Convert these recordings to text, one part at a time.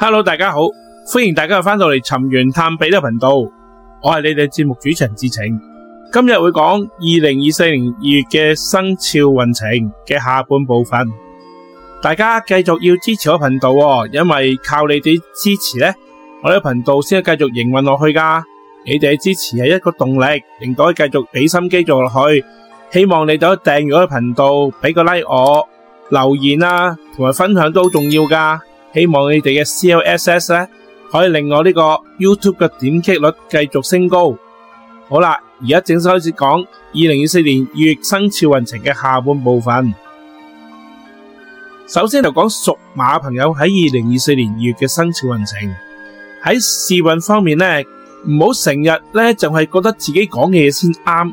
Hello，大家好，歡迎大家又翻到嚟尋源探秘嘅頻道，我係你哋節目主持人智澄，今日會講二零二四年二月嘅生肖運程嘅下半部分。大家繼續要支持我頻道喎，因為靠你哋支持咧，我呢個頻道先繼續營運落去噶。你哋嘅支持係一個動力，令我可以繼續俾心機做落去。希望你哋可以訂閱我嘅頻道，畀個 like 我留言啊，同埋分享都好重要噶。希望你哋嘅 C L S S 咧，可以令我呢個 YouTube 嘅點擊率繼續升高。好啦，而家正式開始講二零二四年二月生肖運程嘅下半部分。首先就講屬馬朋友喺二零二四年二月嘅生肖運程喺事運方面咧，唔好成日咧就係覺得自己講嘢先啱，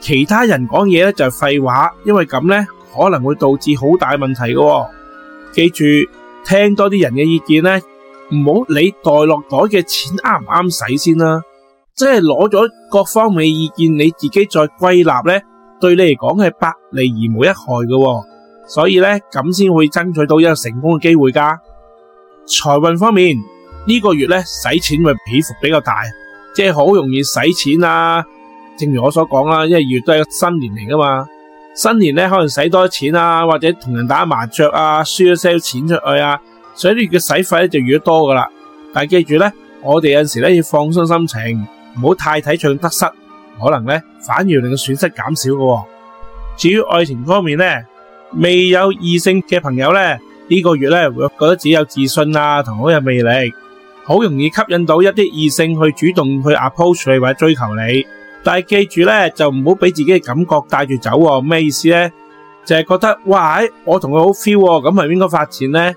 其他人講嘢咧就係廢話，因為咁咧可能會導致好大問題嘅。記住。聽多啲人嘅意見咧，唔好理袋落袋嘅錢啱唔啱使先啦。即係攞咗各方面嘅意見，你自己再歸納咧，對你嚟講係百利而無一害嘅，啊。所以咧，咁先會爭取到一個成功嘅機會噶。財運方面呢，這個月咧，使錢會起伏比較大，即係好容易使錢啦，啊。正如我所講啦，因為一月都係新年嚟噶嘛。新年咧，可能使多錢啊，或者同人打麻雀啊，輸咗些錢出去啊，所以呢個月嘅使費咧就越多噶啦。但係記住咧，我哋有陣時咧要放鬆心情，唔好太睇重得失，可能咧反而令到損失減少噶喎。至於愛情方面咧，未有異性嘅朋友咧，呢個月咧，會覺得自己有自信啊，同好有魅力，好容易吸引到一啲異性去主動去 approach 你或者追求你。但係記住呢，就唔好俾自己嘅感覺帶住走喎、啊。咩意思呢？就係、是、覺得哇，我同佢好 feel 喎、啊，咁係咪應該發展呢？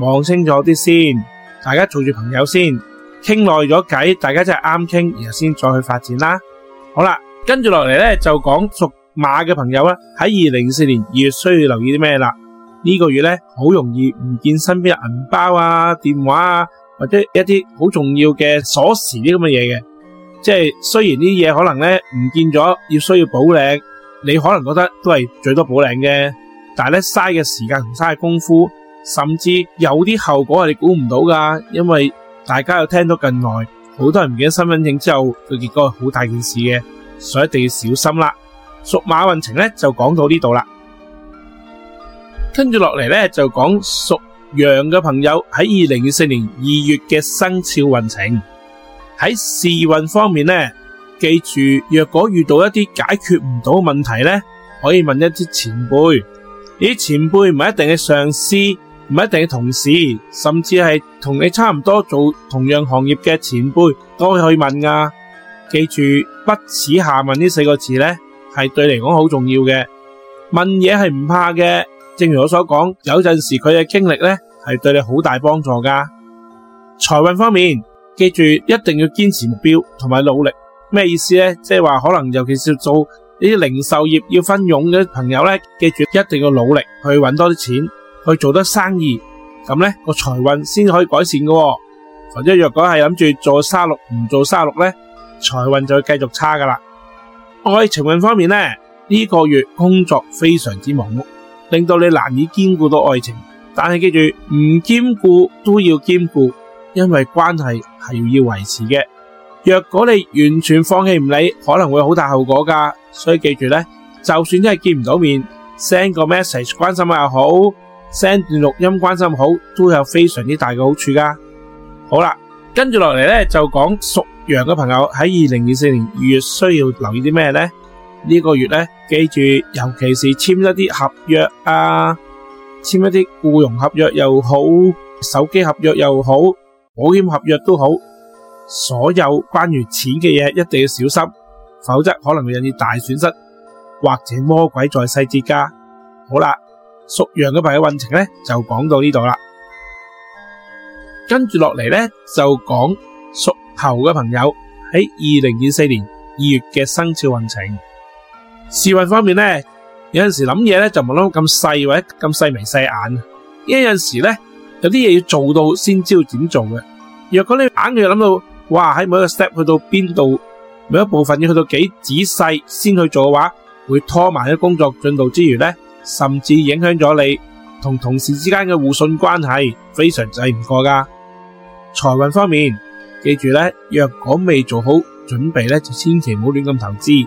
望清楚啲先，大家做住朋友先，傾耐咗偈，大家真係啱傾，然後先再去發展啦。好啦，跟住落嚟呢，就講屬馬嘅朋友啦，喺二零二四年二月需要留意啲咩啦？呢、這個月呢，好容易唔見身邊嘅銀包啊、電話啊，或者一啲好重要嘅鎖匙啲咁嘅嘢嘅。即係雖然呢啲嘢，可能咧唔見咗，要需要補領，你可能覺得都係最多補領嘅，但係咧嘥嘅時間同嘥嘅功夫，甚至有啲後果係你估唔到㗎，因為大家又聽咗咁耐，好多人唔記得身份證之後，佢結果係好大件事嘅，所以一定要小心啦。屬馬運程咧就講到呢度啦，跟住落嚟咧就講屬羊嘅朋友喺二零二四年二月嘅生肖運程。喺事運方面呢，記住若果遇到一啲解決唔到問題呢，可以問一啲前輩，呢啲前輩唔係一定係上司，唔係一定係同事，甚至係同你差唔多做同樣行業嘅前輩都可以去問啊。記住不恥下問呢四個字呢，係對你嚟講好重要嘅。問嘢係唔怕嘅，正如我所講，有陣時佢嘅經歷呢係對你好大幫助噶。財運方面。記住一定要堅持目標同埋努力，咩意思呢？即係話可能尤其是做呢啲零售業要分佣嘅朋友咧，記住一定要努力去揾多啲錢，去做得生意，咁咧個財運先可以改善嘅喎。否則若果係諗住做沙律唔做沙律咧，財運就會繼續差噶啦。愛情運方面咧，呢個月工作非常之忙碌，令到你難以兼顧到愛情。但係記住唔兼顧都要兼顧。因為關係係要維持嘅，若果你完全放棄唔理，可能會好大後果噶。所以記住咧，就算真係見唔到面，send 個 message 關心又好，send 段錄音關心好，都有非常之大嘅好處噶。好啦，跟住落嚟咧就講屬羊嘅朋友喺二零二四年二月需要留意啲咩咧？呢個月咧，記住尤其是簽一啲合約啊，簽一啲僱傭合約又好，手機合約又好。保險合約都好，所有關於錢嘅嘢一定要小心，否則可能會引起大損失，或者魔鬼在細節家。好啦，屬羊嘅朋友運程呢就講到呢度啦，跟住落嚟呢就講屬猴嘅朋友喺二零二四年二月嘅生肖運程。事運方面呢，有陣時諗嘢呢就冇諗咁細或者咁細眉細眼，因為有陣時呢。有啲嘢要做到先知道點做嘅，若果你硬係要諗到，哇喺每一個 step 去到邊度，每一部分要去到幾仔細先去做嘅話，會拖慢咗工作進度之餘咧，甚至影響咗你同同事之間嘅互信關係，非常制唔過㗎。財運方面，記住咧，若果未做好準備咧，就千祈唔好亂咁投資，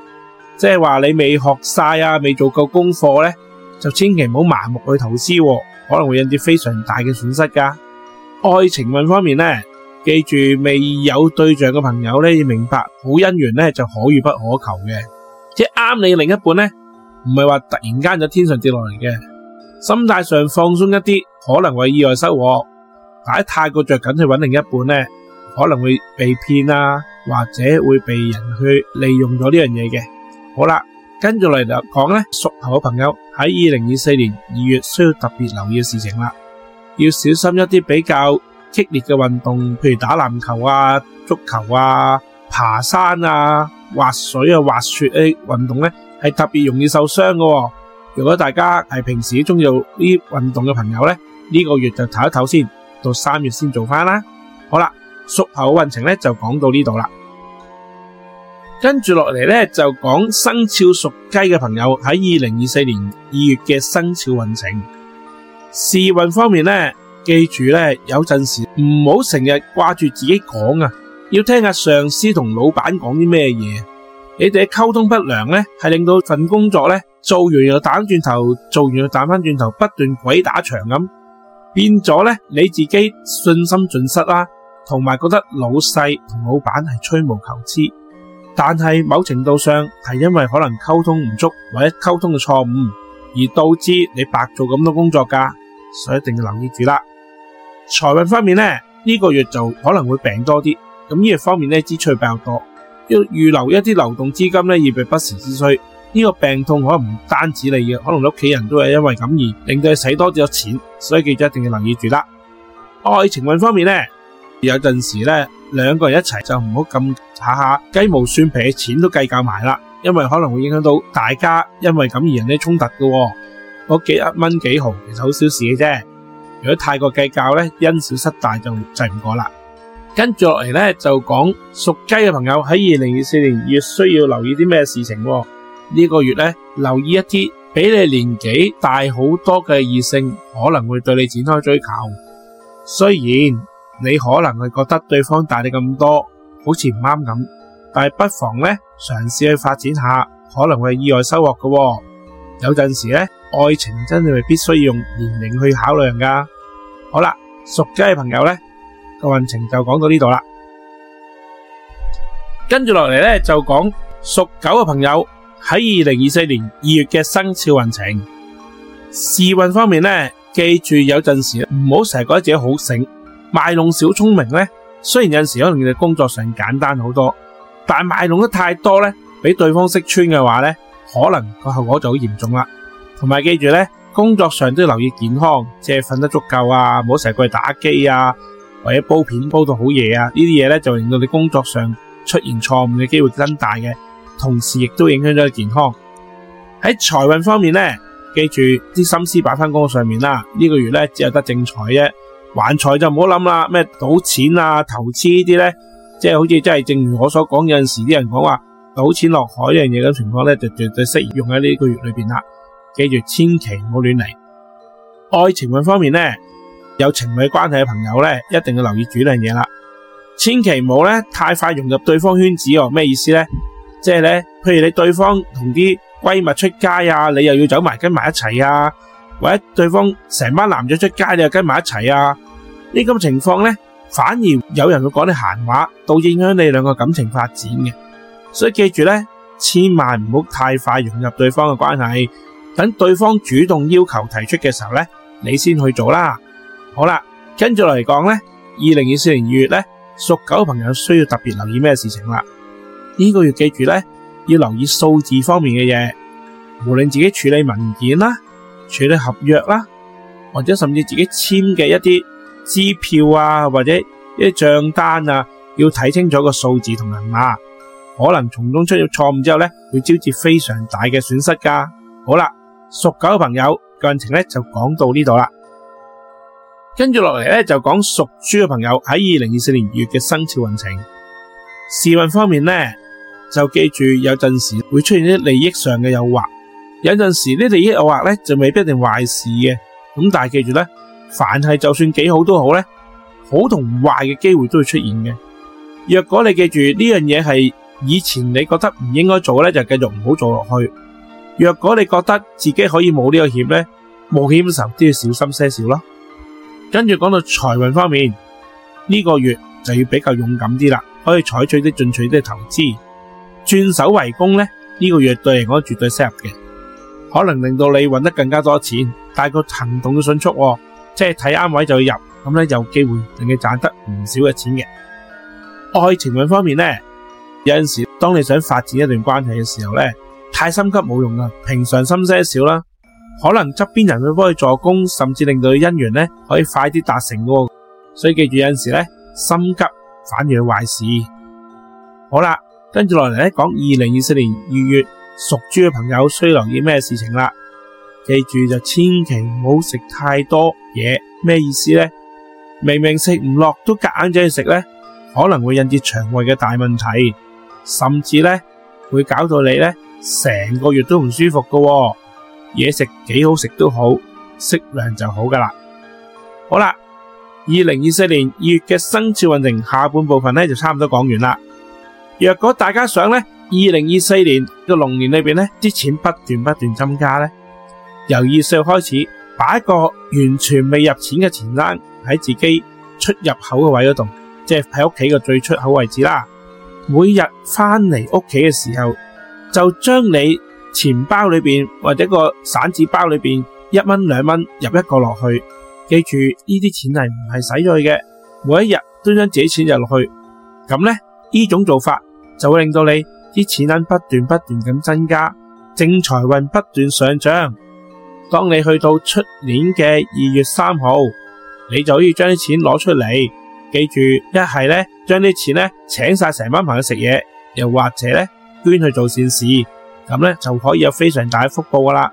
即係話你未學晒啊，未做夠功課咧，就千祈唔好盲目去投資啊。可能會引起非常大嘅損失㗎。愛情運方面呢，記住，未有對象嘅朋友呢，要明白好姻緣呢就可遇不可求嘅，即係啱你另一半呢唔係話突然間就天上跌落嚟嘅。心態上放鬆一啲，可能會意外收穫。但係太過着緊去揾另一半呢，可能會被騙啊，或者會被人去利用咗呢樣嘢嘅。好啦。跟住嚟講咧，屬猴嘅朋友喺二零二四年二月需要特別留意嘅事情啦，要小心一啲比較激烈嘅運動，譬如打籃球啊、足球啊、爬山啊、滑水啊、滑雪呢運動咧，係特別容易受傷嘅。如果大家係平時中意做呢啲運動嘅朋友咧，呢個月就唞一唞先，到三月先做翻啦。好啦，屬猴嘅運程咧就講到呢度啦。跟住落嚟咧，就講生肖屬雞嘅朋友喺二零二四年二月嘅生肖運程。事運方面咧，記住咧有陣時唔好成日掛住自己講啊，要聽下上司同老闆講啲咩嘢。你哋嘅溝通不良咧，係令到份工作咧做完又彈轉頭，做完又彈翻轉頭，不斷鬼打牆咁變咗咧。你自己信心盡失啦、啊，同埋覺得老細同老闆係吹毛求疵。但係某程度上係因為可能溝通唔足，或者溝通嘅錯誤而導致你白做咁多工作㗎，所以一定要留意住啦。財運方面呢，呢、這個月就可能會病多啲，咁呢個方面呢支出比較多，要預留一啲流動資金呢以備不時之需。呢、這個病痛可能唔單止你嘅，可能你屋企人都係因為咁而令到你使多咗錢，所以記住一定要留意住啦。愛情運方面呢。有陣時咧，兩個人一齊就唔好咁下下雞毛蒜皮嘅錢都計較埋啦，因為可能會影響到大家，因為咁而引起衝突㗎喎。嗰幾粒蚊幾毫其實好小事嘅啫，如果太過計較咧，因小失大就制唔過啦。跟住落嚟咧就講屬雞嘅朋友喺二零二四年月需要留意啲咩事情喎？呢個月咧，留意一啲比你年紀大好多嘅異性可能會對你展開追求，雖然。你可能係覺得對方大你咁多，好似唔啱咁，但係不妨咧嘗試去發展下，可能會意外收穫噶喎。有陣時咧，愛情真係咪必須要用年齡去考量噶啊？好啦，屬雞嘅朋友咧個運程就講到呢度啦，跟住落嚟咧就講屬狗嘅朋友喺二零二四年二月嘅生肖運程。事運方面咧，記住有陣時唔好成日覺得自己好醒。賣弄小聰明呢，雖然有陣時可能你工作上簡單好多，但係賣弄得太多呢，俾對方識穿嘅話呢，可能個後果就好嚴重啦。同埋記住呢，工作上都要留意健康，即係瞓得足夠啊，唔好成日過去打機啊，或者煲片煲到好夜啊，呢啲嘢呢，就令到你工作上出現錯誤嘅機會增大嘅，同時亦都影響咗你健康。喺財運方面呢，記住啲心思擺翻工作上面啦，呢、呢個月呢，只有得正財啫。玩財就唔好諗啦，咩賭錢啊、投資呢啲咧，即係好似真係，正如我所講有陣時啲人講話賭錢落海呢樣嘢咁情況咧，就絕對適宜用喺呢個月裏邊啦。記住，千祈唔好亂嚟。愛情運方面咧，有情侶關係嘅朋友咧，一定要留意住呢樣嘢啦，千祈唔好咧太快融入對方圈子哦。咩意思咧？即係咧，譬如你對方同啲閨蜜出街啊，你又要走埋跟埋一齊啊。或者對方成班男仔出街，你又跟埋一齊啊，呢咁情況呢，反而有人會講你閒話，到影響你兩個感情發展嘅。所以記住呢，千萬唔好太快融入對方嘅關係，等對方主動要求提出嘅時候咧，你先去做啦。好啦，跟住嚟講呢，二零二四年二月呢，屬狗嘅朋友需要特別留意咩事情啦？呢、這個要記住呢，要留意數字方面嘅嘢，無論自己處理文件啦。處理合約啦，或者甚至自己簽嘅一啲支票啊，或者一啲賬單啊，要睇清楚個數字同密碼，可能從中出現錯誤之後咧，會招致非常大嘅損失噶。好啦，屬狗嘅朋友個運程咧就講到呢度啦，跟住落嚟咧就講屬豬嘅朋友喺二零二四年二月嘅生肖運程。事運方面咧，就記住有陣時會出現啲利益上嘅誘惑。有陣時呢啲利益誘惑咧，就未必一定壞事嘅。咁但係記住咧，凡係就算幾好都好咧，好同壞嘅機會都會出現嘅。若果你記住呢樣嘢係以前你覺得唔應該做咧，就繼續唔好做落去。若果你覺得自己可以冇呢個險咧，冒險嘅時候都要小心些少咯。跟住講到財運方面，呢個月就要比較勇敢啲啦，可以採取啲進取啲投資，轉手為攻咧，呢個月對嚟講絕對適合嘅。可能令到你搵得更加多錢，但係個行動都迅速啊，即係睇啱位就要入，咁咧有機會令你賺得唔少嘅錢嘅。愛情運方面呢，有陣時當你想發展一段關係嘅時候呢，太心急冇用啊，平常心些少啦，可能側邊人會幫你助攻，甚至令到你姻緣咧可以快啲達成。所以記住有陣時咧，心急反而係壞事。好啦，跟住落嚟咧，講二零二四年二月，屬豬嘅朋友需留意咩事情啦？記住就千祈唔好食太多嘢，咩意思呢？明明食唔落都夾硬咗去食呢，可能會引致腸胃嘅大問題，甚至呢會搞到你呢成個月都唔舒服噶喎。嘢食幾好食都好，適量就好噶啦。好啦，二零二四年二月嘅生肖運程下半部分呢，就差唔多講完啦。若果大家想咧，二零二四年嘅龍年裏邊咧啲錢不斷不斷增加咧，由二四號開始，擺一個完全未入錢嘅錢籃喺自己出入口嘅位嗰度，即係喺屋企嘅最出口位置啦。每日翻嚟屋企嘅時候，就將你錢包裏邊或者個散紙包裏邊一蚊兩蚊入一個落去，記住呢啲錢係唔係使咗去嘅，每一日都將自己錢入落去，咁咧呢種做法。就會令到你啲錢銀不斷不斷咁增加，正財運不斷上漲。當你去到出年嘅二月三號，你就可以將啲錢攞出嚟。記住，一係呢，將啲錢呢請晒成班朋友食嘢，又或者呢捐去做善事，咁呢就可以有非常大嘅福報㗎喇。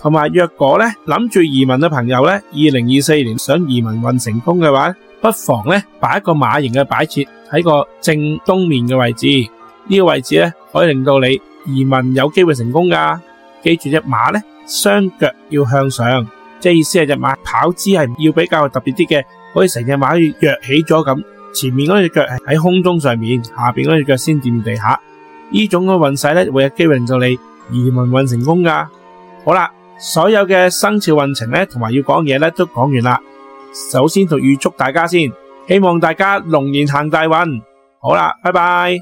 同埋，若果呢諗住移民嘅朋友呢，二零二四年想移民運成功嘅話，不妨呢擺一個馬形嘅擺設喺個正東面嘅位置。呢個位置呢，可以令到你移民有機會成功噶。記住隻馬呢，雙腳要向上，即意思係隻馬跑姿係要比較特別啲嘅，可以成隻馬躍起咗咁，前面嗰隻腳係喺空中上面，下邊嗰隻腳先掂地下。呢種嘅運勢咧，會有機會令到你移民運成功噶。好啦，所有嘅生肖運程呢，同埋要講嘢咧都講完啦。首先同預祝大家先，希望大家龍年行大運。好啦，拜拜。